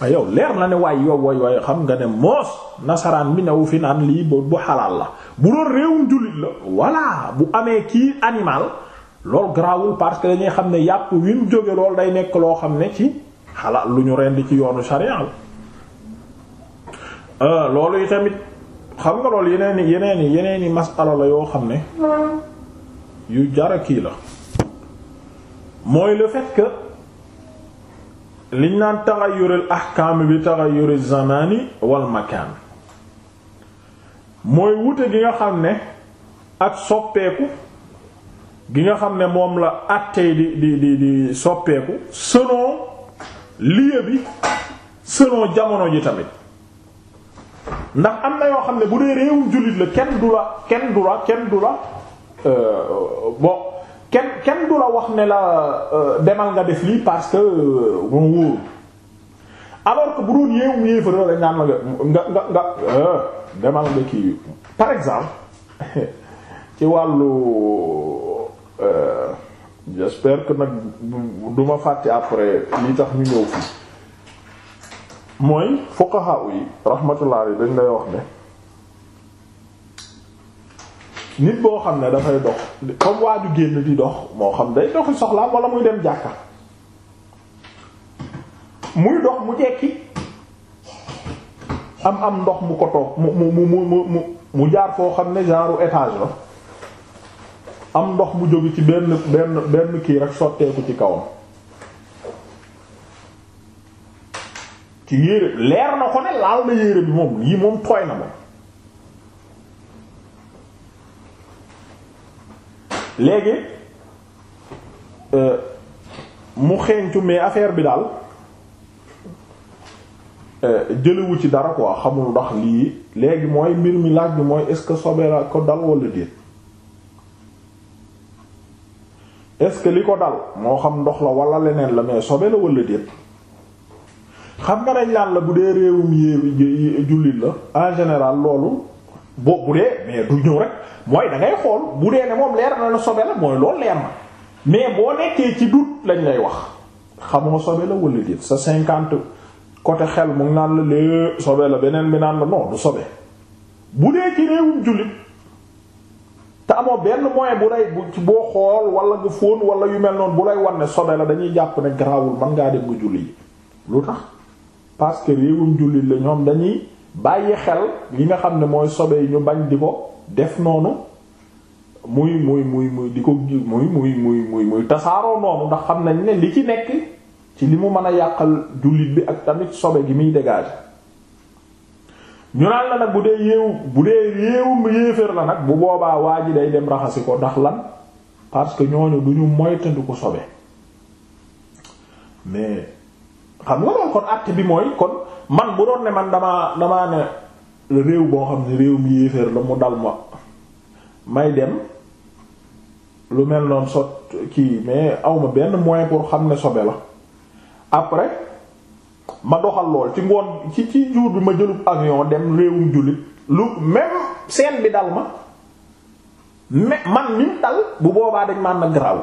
[SPEAKER 1] a ah, yow leer na ne waay yow way waay xam nga ne moos nasaraan bi newu fi naan lii boobu bu xalaal la bu doon réewum jullit la voilà bu amee kii animal loolu garaawul parce que dañuy xam ne yàpp wi mu jóge loolu day nekk loo xam ne ci xalaal lu ñu rend ci yoonu sharia la euh, loolu tamit xam nga loolu yeneen i yeneen i yeneen i masala la yoo xam ne yu jara kii la mooy le fekk liñ naan taghayyurul ahkaam bi taghayyurul zamani wal makaan mooy wute gi nga xam ne ak soppeeku gi nga xam ne moom la àttee di di di di soppeeku selon lieu bi selon jamono ji tamit ndax am na yoo xam ne bu dee réewum jullit la kenn du la kenn du la kenn du la euh, bon kenn kenn du la wax ne la euh, demal nga def lii parce que euh, moo wóoru alors que bu doon yéewum yéefar la dañ naan la nga nga nga demal nga kii par exemple ci wàllu j'espère que nag duma fàtte après li tax ñu ñëw mooy fuqaha yi rahmatullah alayhi dañ lay wax ne nit boo xam ne dafay dox comme waaju génn di dox moo xam day doxi soxlaam wala muy dem jàkka muy dox mu jekki am am ndox mu ko toog mu mu mu mu mu mu jaar foo xam ne genre étage la am ndox mu jóge ci benn benn benn kii rek sotteeku ci kawam ci yére leer na ko ne laal na yére bi moom lii moom tooy na moom léegi euh, mu xeeñtu mais affaire bi daal euh, jëlewu ci dara quoi xamul ndox lii léegi mooy mbir mi laaj bi mooy est-ce que sobe la ko dal wala déet est-ce que li ko dal moo xam ndox la wala leneen la mais sobe la wala déet xam nga dañ laan la bu dee réewum yéewi jullit la en général loolu boo bu dee mais du ñëw rek mooy da xool bu dee ne moom leer na la sobe la mooy mais boo nekkee ci doute lañ lay wax xamoo sobe sa cinquante côté xel mu naan la lée la beneen bi naan la non du bu dee ci réewum jullit te amoo benn moyen bu lay bu boo xool wala nga fóon wala yu mel noonu bu lay wan ne sobe la dañuy jàpp ne garaawul man ngaa dem nga julli yi lu tax parce que réewum jullit la ñoom dañuy bàyyi xel li nga xam ne mooy sobe ñu bañ di ko def noonu muy muy muy muy di ko muy muy muy muy muy tasaaroo noonu ndax xam nañ ne li ci nekk ci li mu mën a yàqal jullit bi ak tamit sobe gi muy dégager ñu naan la nag bu dee yéew bu dee yéewum yéeféer la nag bu boobaa waa ji day dem raxasi ko ndax lan parce que ñooñu du ñu moytandiku sobe mais xam nga loolu kon acte bi mooy kon man bu doon ne man damaa damaa ne réew boo xam ne réew mi yéeféer la mu dal ma may dem lu mel noon sot kii mais awma benn moyen pour xam ne sobe la après ma doxal lool ci ngoon ci ci jour bi ma jëlub avion dem réewum jullit lu même seen bi dal ma mais man ni mu dal bu boobaa dañ man na garaw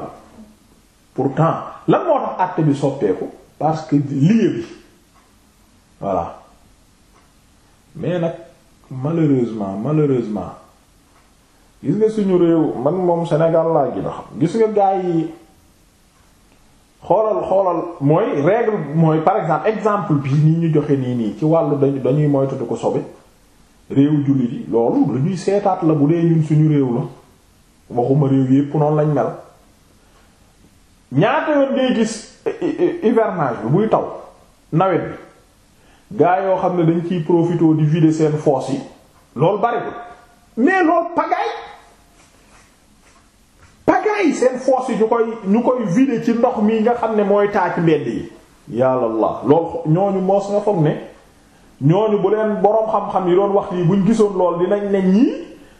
[SPEAKER 1] pourtant lan moo tax acte bi soppeeku parce que lieu bi voilà mais nag malheureusement malheureusement gis nga suñu réew man moom Sénégal laa gi xam gis nga gaa yi xoolal xoolal mooy règle mooy par exemple exemple bi nii ñu joxe nii nii ci wàllu dañuy dañuy moytatu ko sobe réew jullit yi loolu lu seetaat la bu dee ñun suñu réew la waxuma réew yépp noonu lañ mel ñaata yoon ngay gis. hivernage bi buy taw nawet bi gaa yoo xam ne dañ ciy profité di vider seen fosse yi loolu bariwul mais loolu pagaille pagaille seen fosse yi ñu koy ñu koy vider ci ndox mi nga xam ne mooy taa ci mbedd yi yàlla la lool ñooñu moos nga foog ne ñooñu bu leen boroom xam-xam yi doon wax yi buñ gisoon lool dinañ ne ñii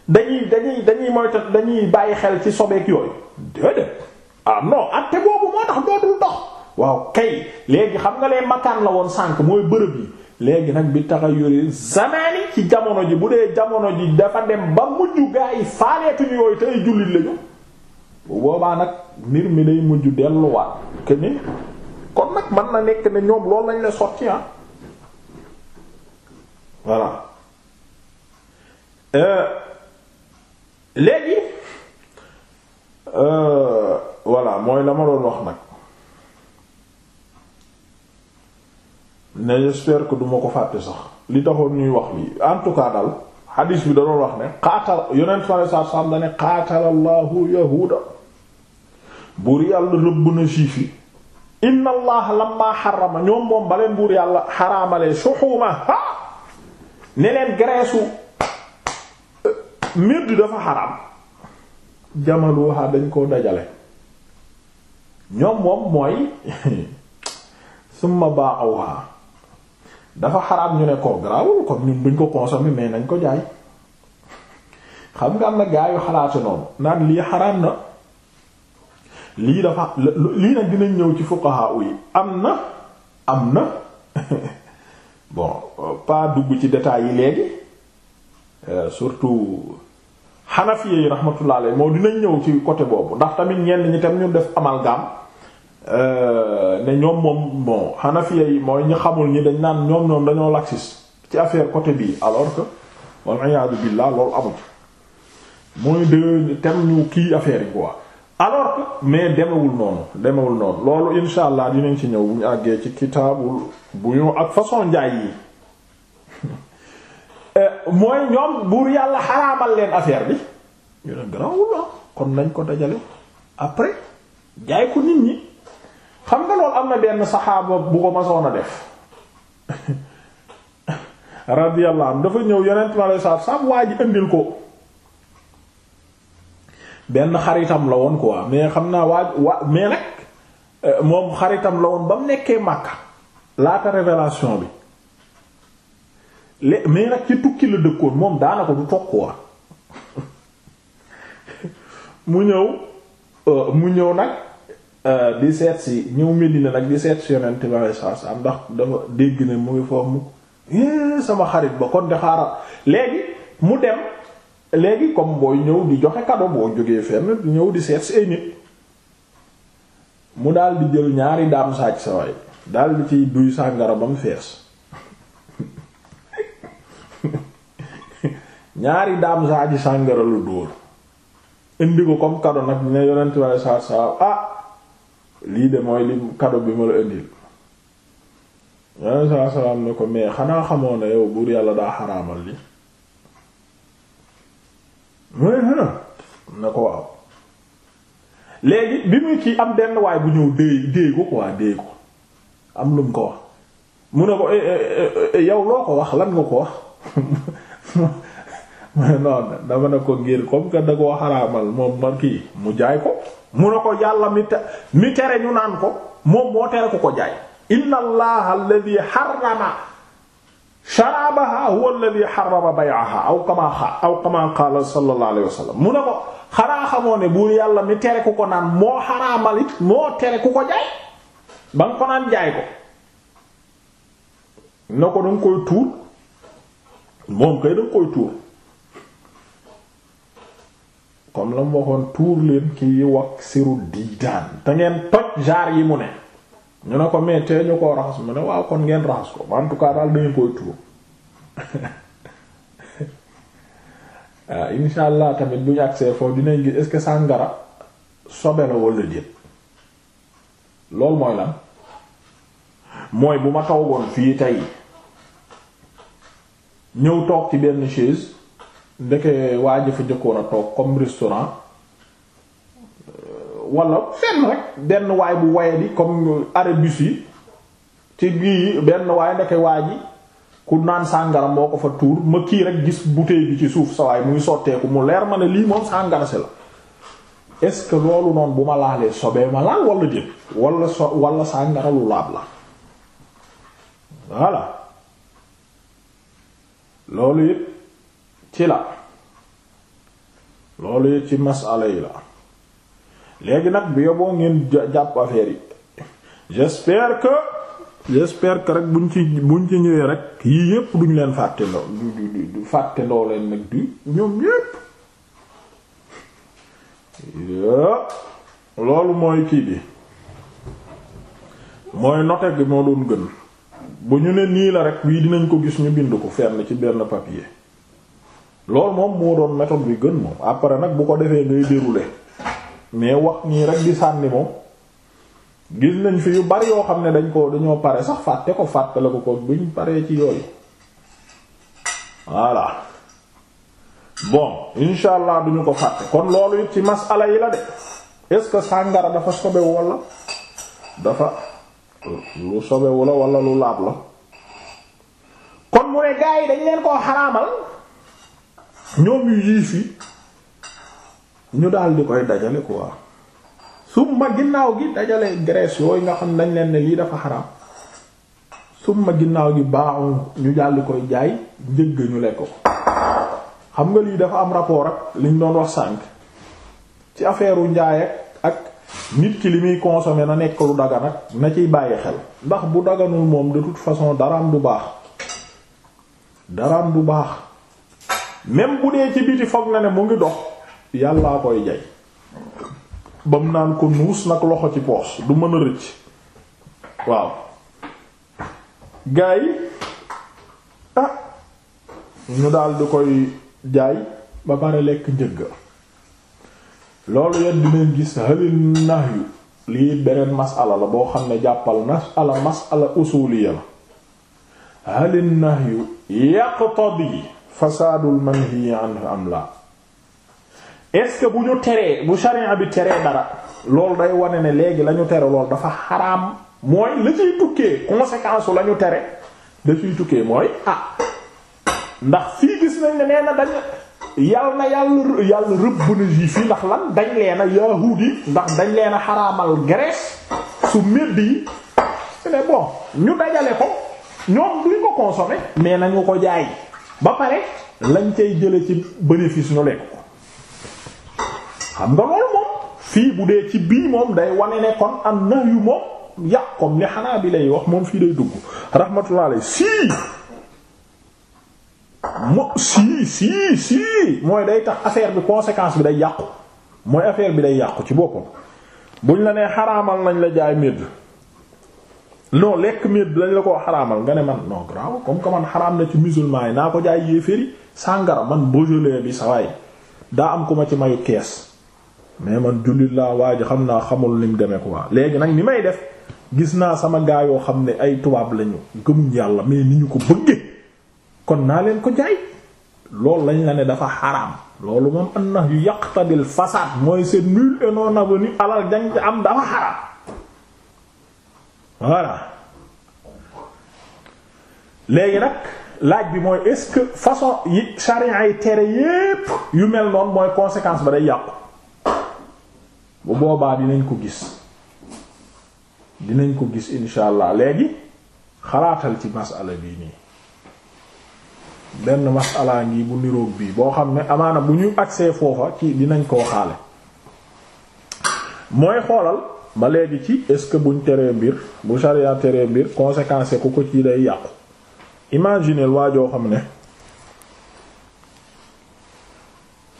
[SPEAKER 1] dañuy dañuy dañuy moyta dañuy bàyyi xel ci sobeek yooyu déedéet ah non atte boobu moo tax dootul dox waaw kay léegi xam nga lee makaan la woon sànq mooy bërëb yi léegi nag bi tax a yore zamaani ci jamono ji bu dee jamono ji dafa dem ba mujj gaa yi faaleetuñu yooyu tey jullit lañu bu boobaa nag mbir mi day mujj delluwaat que ni kon nag mën na nekk ne ñoom loolu lañ la sotti ah voilà euh, léegi euh, voilà mooy la ma doon wax nag. ne j'espère que duma ko fàtte sax li taxoon ñuy wax li en tout xadiis bi da wax ne xaatal yonent sallallahu alayhi wasallam da ne xaatalallaahu yahuuda buur yàlla rëbb na juif yi inna allaha lamma xarama ñoom moom baleen buur yàlla xaraamalee suxuuma ha ne leen graisse euh, médd dafa xaraam jamaluha dañ ko dajale ñoom moom mooy summa ba'uha dafa xaraam ñu ne ko grawul kon ñun duñ ko consommer mais nañ ko jaay xam nga am na gaa yu xalaatu noonu naan lii xaraam na lii dafa lii nag dinañ ñëw ci fuqaha yi am na am na bon pas dugg ci détails yi léegi euh, surtout Hanafi yi rahmatullah alayhi moo dinañ ñëw ci côté boobu ndax tamit ñenn ñi tam ñu def amalgame Euh, ne ñoom moom bon Hanafiya yi mooy ñi xamul ñi dañ naan ñoom ñoom dañoo laxis ci affaire côté bii alors que wal iyaadu billah loolu amul mooy de tem ñu kii affaire yi quoi alors que mais demewul noonu demewul noonu loolu insha allah dinañ ci ñëw bu ñu àggee ci kitaabul bu ñu ak façon njaay yi euh, mooy ñoom buur yàlla xaraamal leen affaire bi ñu ne grawul la ah. kon nañ ko dajale après jaay ko nit ñi xam nga loolu am na benn saxaaba bu ko masoon a def radiyallahu anhu dafa ñëw yonent mi alayhi salaatu salaam ji indil ko benn xaritam la woon quoi mais xam naa waa waa mais nag euh, moom xaritam la woon ba mu nekkee Makka laata révélation bi lé mais nag ci tukki la dëkkoon moom daanaka du toog quoi mu ñëw euh, mu ñëw nag. Euh, di seet si ñëw Medina nag di seet si yonent bi alayhi dégg mu ngi foofu eh, sama xarit ba kon de mu dem léegi comme booy ñëw di joxe cadeau boo jógee fenn ñëw di seet mu daal jël ñaari daam saaj sa waay di ciy sàngara ba mu fees ñaari daam saaji sàngara lu dóor indi ko comme cadeau nag ne yonent bi alayhi salaatu salaam ah lii de mooy li kado bi ma la indil yonent saa salaam ne ko mais xanaa xamoon na yow buur yàlla daa xaraamal li mooy hën na ko waaw léegi bi muy kii am benn waay bu ñëw déey déey ko quoi déey am lu ko wax mu ne ko eh, eh, eh, yow loo ko wax lan nga ko wax non dama ne ko ngir comme que da mu jaay ko mu ne ko yàlla mi ko moo tere ko ko jaay inna allaha alladhi harrama sharabaha huwa alladhi harrama bay'aha aw ko xanaa xamoo ko naan moo xaraamal it moo ko naan jaay ko ne ko danga koy tuur moom kay danga koy tuur comme la mu waxoon tuur leen kii wax siru diidaan te ngeen toj jaar yi mu ne ñu ne ko mais tee ñu koo raxas mu ne waaw kon ngeen raxas ko en cas daal dañu koy tuur ah, insha allah tamit bu ñu agsee foofu dinañ gis est-ce que sàngara sobe la walla déet loolu mooy lan mooy bu ma toogoon fii tey ñëw toog ci benn chaise ndeke waa jëfa jëkkoon a toog comme restaurant euh, walla fenn rek benn waay bu waye di comme arabus yi ci gii benn waay ndeke waa ji ku naan sàngara moo ko fa tuur ma kii rek gis bouteille bi ci suuf sa waay ngi sotteeku mu leer ma ne lii moom sàngara si la est-ce que loolu noonu bu ma laalee sobee ma laal wala déet wala so wala sàngara laab la voilà loolu yëpp ci la loolu ci masala yi la léegi nag bi yoboo ngeen jàpp affaire yi j'espère que j'espère que rek buñ ci buñ ci ñëwee rek yii yépp duñ leen fàtte loo du du du fàtte loo leen nag du ñoom yépp loolu mooy kii bi mooy note bi moo doon gën bu ñu ne nii la rek bii dinañ ko gis ñu bind ko fenn ci benn papier loolu moom moo doon méthode bi gën moom après nag bu ko defee ngay dérouler mais wax nii rek di sànni moom gis nañ fii yu bari yoo xam ne dañ ko dañoo pare sax fàtte ko fàtte la ko ko buñ paree ci yooyu voilà bon insha allah duñu ko fàtte kon loolu it ci masala yi la de est-ce que sàngara dafa sobe walla dafa lu sobewu la walla lu laab la kon mu ne gaa dañ leen koo xaraamal ñoom yu yiif yi ñu daal di koy dajale quoi summa ginnaaw gi dajale graisse yooyu nga xam nañ leen ne lii dafa xaraam summa ginnaaw gi baaxul ñu daal di koy jaay njëgg ñu lekk ko xam nga lii dafa am rapport ak liñ doon wax sànq ci affaire u njaay ak nit ki li muy consommer na nekk lu dagan ak na ciy bàyyi xel ndax bu daganul moom de toute façon daraam du baax daraam bu baax. même bu dee ci biti foog na ne mu ngi dox yàllaa koy jay ba mu naan ko nuus nag loxo ci poos du mën a rëcc waaw gars yi ah ñu daal di koy jaay ba pare lekk njëgg loolu yet dinañ gis halil nahyu lii beneen masala la boo xam ne jàppal masala masala usuliya la halil nahyu yaqtadi fasaadul manhi anhu am la est-ce bu ñu teree bu sharia bi teree dara loolu day wane ne léegi la ñu tere loolu dafa xaraam mooy la ciy tukkee conséquence la tere da ciy tukkee mooy ah ndax fii gis nañ ne nee na dañ yàlla na yàlla rëbb na juif yi ndax lan dañ leena yahuud yi ndax dañ leena xaraamal Grèce su medd yi ñu dajale ko ñoom duñ ko consommer mais nañu ko jaay ba pare lañ cay jële ci bénéfice ñu lekk ko xam nga loolu moom fii bu dee ci bii moom day wane ne kon am na yu moom yàq comme li xanaa bi lay wax moom fii day dugg rahmatullah alayhi sii mo sii sii sii mooy day tax affaire bi conséquence bi day yàqu mooy affaire bi day yàqu ci boppam buñ la nee xaraamal nañ la jaay medd non lekk bi dañ la koo xaraamal nga ne man non grave comme que man xaraam na ci musulman yi naa ko jaay yéeféri sàngara man beaujolais bi sa waay daa am ku ma ci mayu kees mais man jullit laa waa ji xam naa xamul ni mu ko quoi léegi nag ni may def gis naa sama gaa yoo xam ne ay tubaab lañu gëmuñ yàlla mais ni ñu ko bëggee kon naa leen ko jaay loolu lañ la ne dafa xaraam loolu moom an na yu yaqtadil fasaad mooy c'est nul et non avenu alal jang am dafa voilà léegi nag laaj bi mooy est-ce que façon yi charia yi tere yépp yu mel noonu mooy conséquence ba day yàqu bu boobaa dinañ ko gis dinañ ko gis insha allah léegi xalaatal ci masala bii nii benn masalaa ngi bu niroog bii boo xam ne amaana bu ñu agsee foofa ci dinañ koo xaale mooy xoolal ba léegi ci est ce que buñ teree mbir bu sharia teree mbir conséquence ku ko ci day yàqu imagineel waa joo xam ne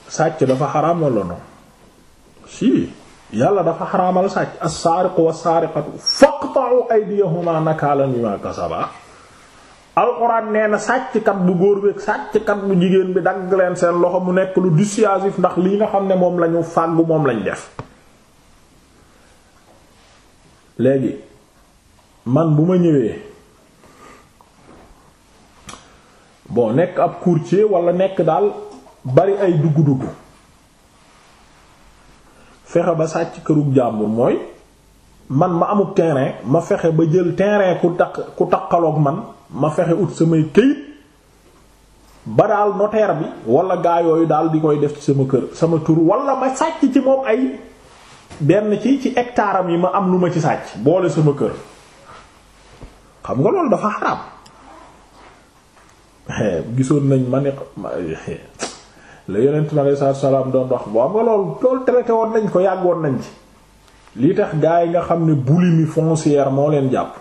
[SPEAKER 1] sàcc dafa xaraam walla non si yàlla dafa xaraamal sàcc as-saariqu was-saariqatu faqta'u aydiyahuma nakaalan mimma kasaba alxuraan nee na sàcckat bu góor beeg sàcckat bu jigéen bi dagg leen seen loxo mu nekk lu dissuasif ndax lii nga xam ne moom lañu fàggu moom lañu def léegi man bu ma ñëwee boo nekk ab courtier walla nekk daal bari ay dugg-dugg fexe ba sàcc kërug jàmbur mooy man ma amub terrain ma fexe ba jël terrain ku takk ku takkaloog man ma fexe ut samay këyit ba daal notaire bi wala gaa yooyu daal di koy def ci sama kër sama tur wala ma sàcc ci moom ay benn ci ci hectare am yi ma am lu ma ci sàcc boole sama kër xam nga loolu dafa xaraam gisoon nañ ma ne la yonent mi aleyhi salaatu salaam doon wax boo am nga loolu loolu traité woon nañ ko yàggoon nañ ci li tax gaa yi nga xam ne boulimie foncière moo leen jàpp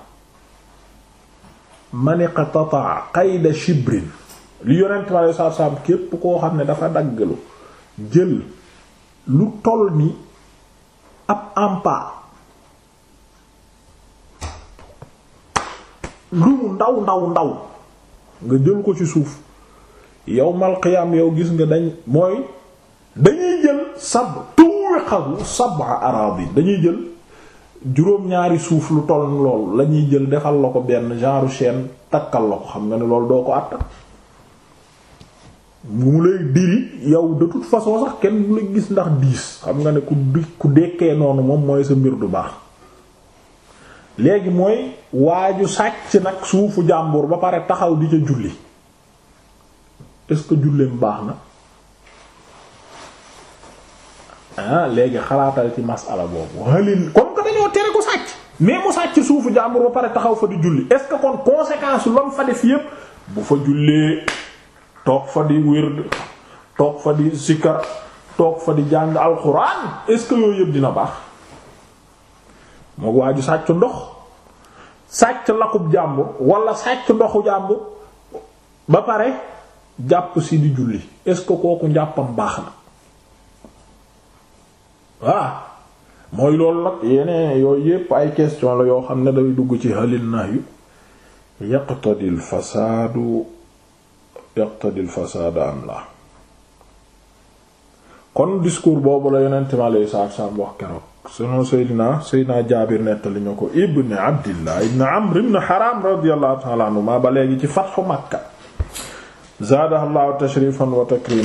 [SPEAKER 1] maniqa tataa qayda shibrin li yonent mi aleyhi salaam képp koo xam ne dafa daggalu jël lu toll ni ab ampa lu mu ndaw ndaw ndaw nga jël ko ci suuf yawmal qiyaam yow gis nga dañ mooy dañuy jël sab tuwiqahu sab'a araadin dañuy jël juróom-ñaari suuf lu toll lool lañuy jël defal la ko benn genre chaîne takkal la ko xam nga ne loolu doo ko àttan bu mu lay diri yow de toute façon sax kenn du la gis ndax diis xam nga ne ku di ku dekkee noonu moom mooy sa mbir du baax léegi mooy waaju sàcc nag suufu jàmbur ba pare taxaw di ca julli est-ce que julleem baax na ah léegi xalaatal ci masala boobu halin comme que dañoo suufu jàmbur ba pare taxaw fa di julli est-ce que kon conséquence lu mu fa def yépp bu fa jullee toog fa di wird toog fa di sikar toog fa di jàng alxuraan est-ce que yëpp dina baax moo waaju sàcc ndox sàcc lakub jàmbur walla sàcc ndoxu jàmbur ba pare jàpp si di julli est-ce que kooku njàppam baax na waaw mooy loolu nag yeneen yooyu yépp ay question la yoo xam ne day dugg ci halil nahyu yaqtadil fasaadu yaqtadil fasaada am la kon discours boobu la yonent mi alayhi salaatu salaam wax keroog sunu seydina seydina jaabir nettali ñu ko ibn abdillah ibn amr ibn haram radiyallahu ta'ala anhuma ba léegi ci fatxu makka zaadahallahu tashrifan wa takriman